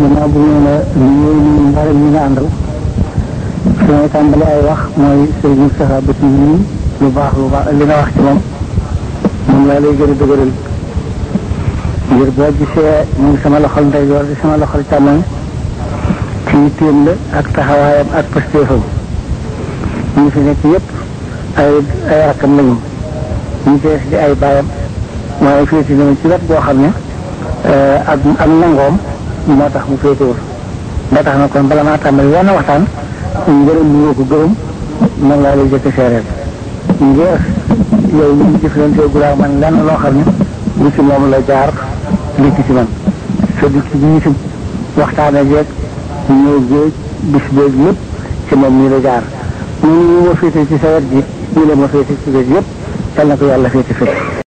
ginnaaw bu ñu la nuyoo ñu mbare ñi nga àndal fi may tàmbali ay wax mooy Serigne Moustapha Bousso mii lu baax lu baax li nga wax ci moom moom laa lay gën a dëgëral ngir boo gisee mu ngi sama loxol ndeyjoor di sama loxol càmmoñ ci téem la ak taxawaayam ak pastéefam ñu fi nekk yëpp ay ay rakkam lañu ñu dees di ay baayam waaye féeti na ci wet boo xam ne euh, ak am nangoom moo tax mu féetewul nga tax na kon bala maa tàmbali yenn waxtaan ngërëm ñu ko gërëm moom laa lay jëkk seereel ngir yow li ñu jëflante guraaw man lenn loo xam ne li ci moom la jaar li ci ci man sa dikk bi ñu ci waxtaane jeeg ñëw géej bis béeg yëpp ci moom mii la jaar ñu ñu ma féete ci sa wet ñu la ma féete ci wet yëpp dal na ko yàlla féete féete